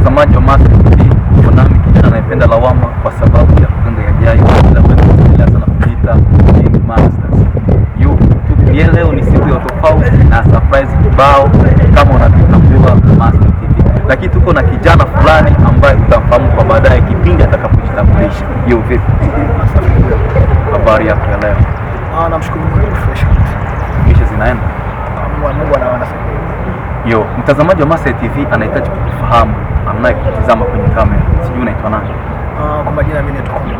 Mtazamaji wa Mastaz TV, uko nami kijana anayependa lawama kwa sababu ya kuganga ya jai, labda tunaendelea sana kupita King Masters. You tukie. Leo ni siku ya tofauti na surprise kibao, kama unavyotambua Mastaz TV, lakini tuko na kijana fulani ambaye utafahamu kwa baadaye kipindi atakapojitambulisha. Yo, vipi, habari yako ya leo? Ah, namshukuru Mungu, fresh kisha zinaenda. Ah, Mungu anaona. Yo, mtazamaji wa Mastaz TV anahitaji kufahamu kutizama kwenye kamera, sijui unaitwa nani? Uh, ah, kwa majina mimi naitwa Konde.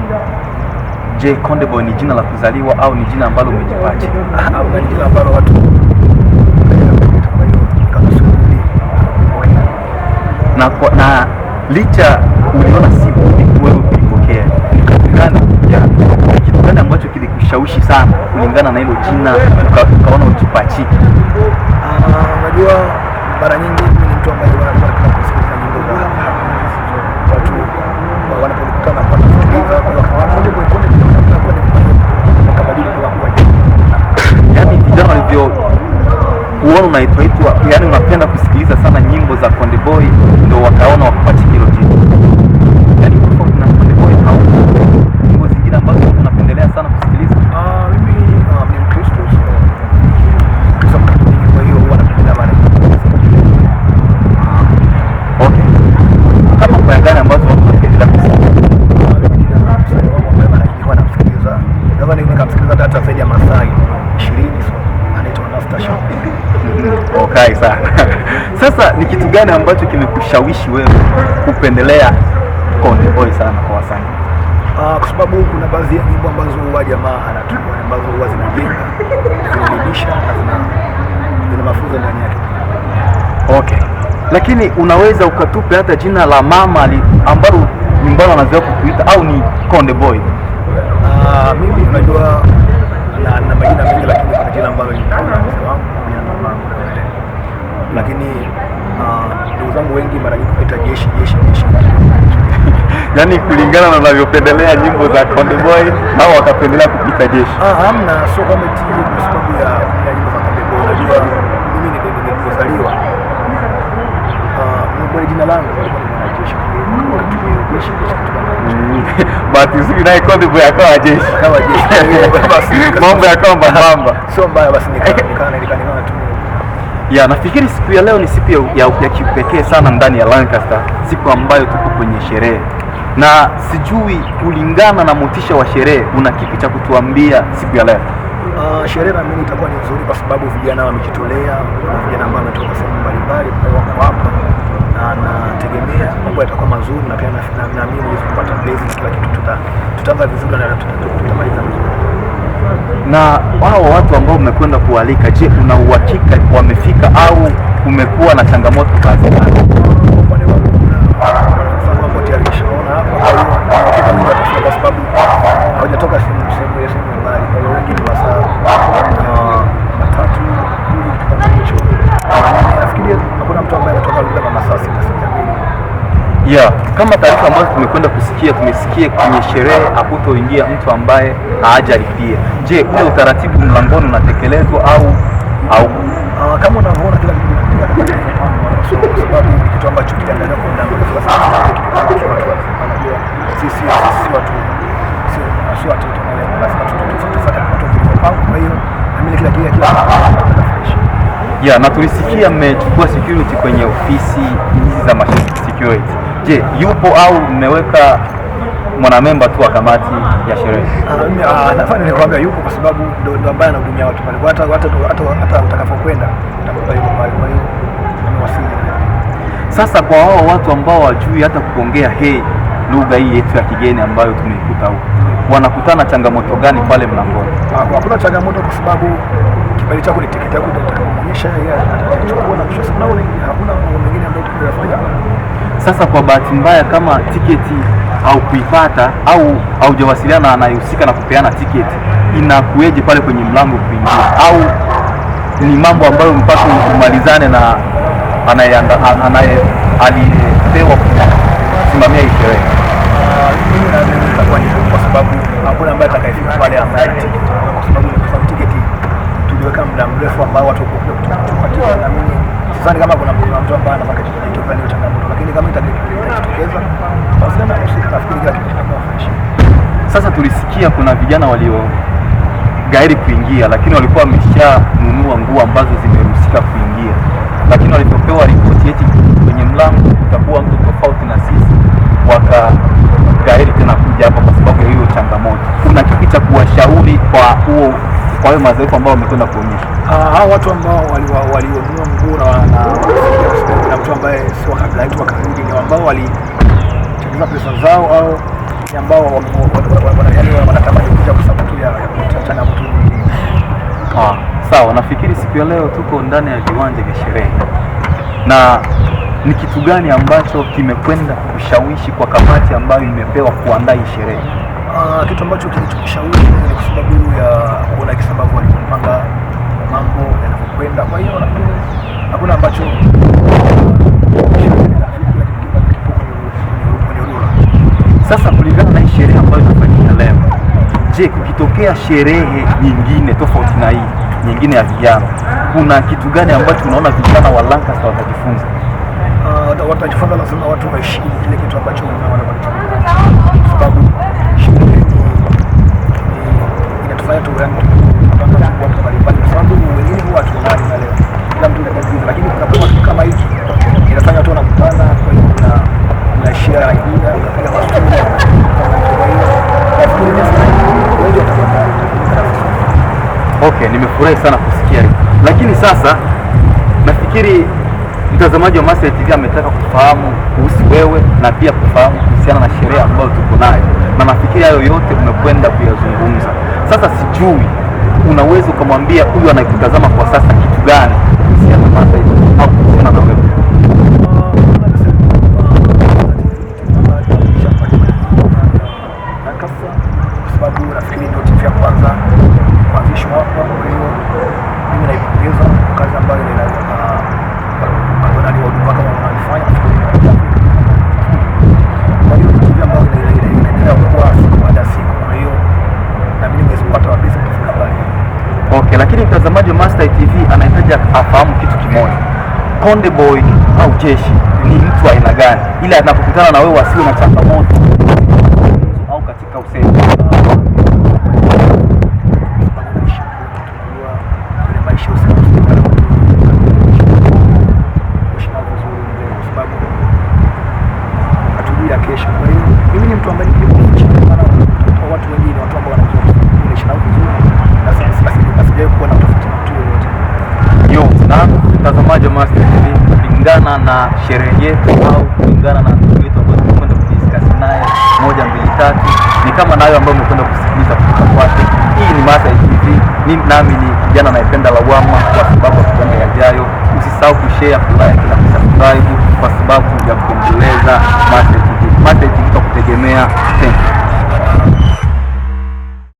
Je, Konde Boy ni jina la kuzaliwa au ni jina ambalo umejipatia? Ah, au ni jina ambalo watu na, kwa, na licha uliona sipo wewe kulipokea kitu gani ambacho kilikushawishi sana kulingana na hilo jina ukaona ukipatika? Ah, unajua, mara nyingi mimi ni mtu ambaye unavyo uona unaitwa yani unapenda kusikiliza sana Sasa ni kitu gani ambacho kimekushawishi wewe kupendelea Konde Boy sana kwa wasanii? Uh, kwa sababu kuna baadhi ya nyimbo ambazo huwa jamaa anatuma ambazo huwa zinajenga, zinaelimisha na zina mafunzo ndani yake. Okay, lakini unaweza ukatupe hata jina la mama ambalo nyumbani wanazoea kukuita au ni Konde Boy? Uh, mimi najua na, na majina mengi lakini kuna jina ambalo ni mama wangu lakini ah, ndugu zangu wengi mara nyingi kupita jeshi jeshi jeshi yani kulingana na unavyopendelea nyimbo za Konde Boy au wakapendelea kupita jeshi? Ah, hamna, sio kama eti kwa sababu ya nyimbo za Konde Boy. Unajua mimi ni ndio nilizaliwa ah, kwa jina langu mm. bahati nzuri naye Konde Boy akawa jeshi, akawa jeshi, mambo yakawa mbamba, sio mbaya, basi nikakaa nikakaa tu ya, nafikiri siku ya leo ni siku ya, ya kipekee sana ndani ya Lancaster, siku ambayo tuko kwenye sherehe na sijui kulingana na motisha wa sherehe, una kipi cha kutuambia siku ya leo? Uh, sherehe na mimi itakuwa ni nzuri kwa sababu vijana wamejitolea, kuna vijana ambao wametoka sehemu mbalimbali wako hapa na nategemea mambo yatakuwa mazuri, na pia na mimi nilipata basic kila kitu, tutaanza vizuri na tutamaliza na hao watu ambao umekwenda kualika, je, una uhakika wamefika au umekuwa na changamoto kazi? Yeah, kama taarifa ambazo tumekwenda kusikia, tumesikia kwenye sherehe hakutoingia mtu ambaye haajalipia. Je, ule utaratibu mlangoni unatekelezwa au au ah, kama unavyoona kila kitu kitu ambacho ya na tulisikia mmechukua security kwenye ofisi hizi za Security Je, yupo au mmeweka mwanamemba tu wa kamati ya sherehe? Ah, ah, Nafani nilikwambia yupo, kwa sababu ndo ambaye anahudumia watu pale, hata hata utakapokwenda utakuta yuko pale. Kwa hiyo amewasili. Sasa kwa wao watu ambao wajui hata kuongea he lugha hii yetu ya kigeni ambayo tumeikuta huko, wanakutana changamoto gani pale mlangoni? Ah, hakuna changamoto, kwa sababu kibali chako ni tiketi yako, ndio utakayoonyesha yeye atachukua na kisha, hakuna mambo mengine ambayo tutakayofanya. Sasa kwa bahati mbaya, kama tiketi au kuipata au haujawasiliana na anayehusika na kupeana tiketi, inakuweje pale kwenye mlango kuingia? Au ni mambo ambayo mpaka umalizane na anaye anaye alipewa kusimamia hii sherehe? Kwa sababu hakuna ambaye atakayefika pale ambaye kwa sababu tiketi tuliweka muda mrefu ambao watu watakuja kutupatia, na mimi sidhani kama kuna mtu ambaye anapaka tiketi hapa ndio changamoto, lakini kama Sasa tulisikia kuna vijana walio gairi kuingia, lakini walikuwa wameshanunua nguo ambazo zimeruhusika kuingia, lakini walipopewa ripoti eti kwenye mlango utakuwa mtu tofauti na sisi, waka gairi tena kuja hapa kwa sababu ya hiyo changamoto. Kuna kipi cha kuwashauri kwa huo kwa hiyo mazoefu ambao wamekwenda kuonyesha ah, hawa watu ambao wali, ambaye sio kabila yetu, wakarudi, ni ambao walichagizwa pesa zao au ni ambao wanatamani kuja kwa sababu ya changamoto nyingine. Ah, sawa, nafikiri siku ya leo tuko ndani ya viwanja vya sherehe, na ni kitu gani ambacho kimekwenda kushawishi kwa kamati ambayo imepewa kuandaa hii sherehe? Uh, kitu ambacho kilichokushawishi ni kwa sababu ya kuona kwa sababu walipanga mambo yanavyokwenda, kwa hiyo hakuna ambacho sherehe ambayo inafanyika leo. Je, kukitokea sherehe nyingine tofauti na hii nyingine ya vijana, kuna kitu gani ambacho unaona vijana wa Lancaster watajifunza? Uh, watajifunza lazima watu waheshimu kile kitu ambacho wanakiona, sababu nimefurahi sana kusikia hivyo, lakini sasa nafikiri mtazamaji wa Mastaz TV ametaka kufahamu kuhusu wewe na pia kufahamu kuhusiana na sherehe ambayo tuko nayo, na nafikiri hayo yote umekwenda kuyazungumza. Sasa sijui unaweza ukamwambia huyu anayekutazama kwa sasa kitu gani kuhusiana na Mastaz au kuhusiana na mtazamaji wa Master TV anahitaji afahamu kitu kimoja, Konde Boy au Jeshi ni mtu aina gani, ili anapokutana na wewe asiwe na changamoto au katika usemi kulingana na sherehe yetu au kulingana na mtu yetu ambayo tumekwenda kudiskasi naye moja mbili tatu, ni kama nayo ambayo umekwenda kusikiliza kutoka kwake. Hii ni Masa TV, ni nami ni kijana anayependa lawama, kwa sababu akijanga yajayo. Usisahau kushare, kulike na kusubscribe kwa sababu ya kuendeleza Masa TV. Masa TV kwa kutegemea. Thank you.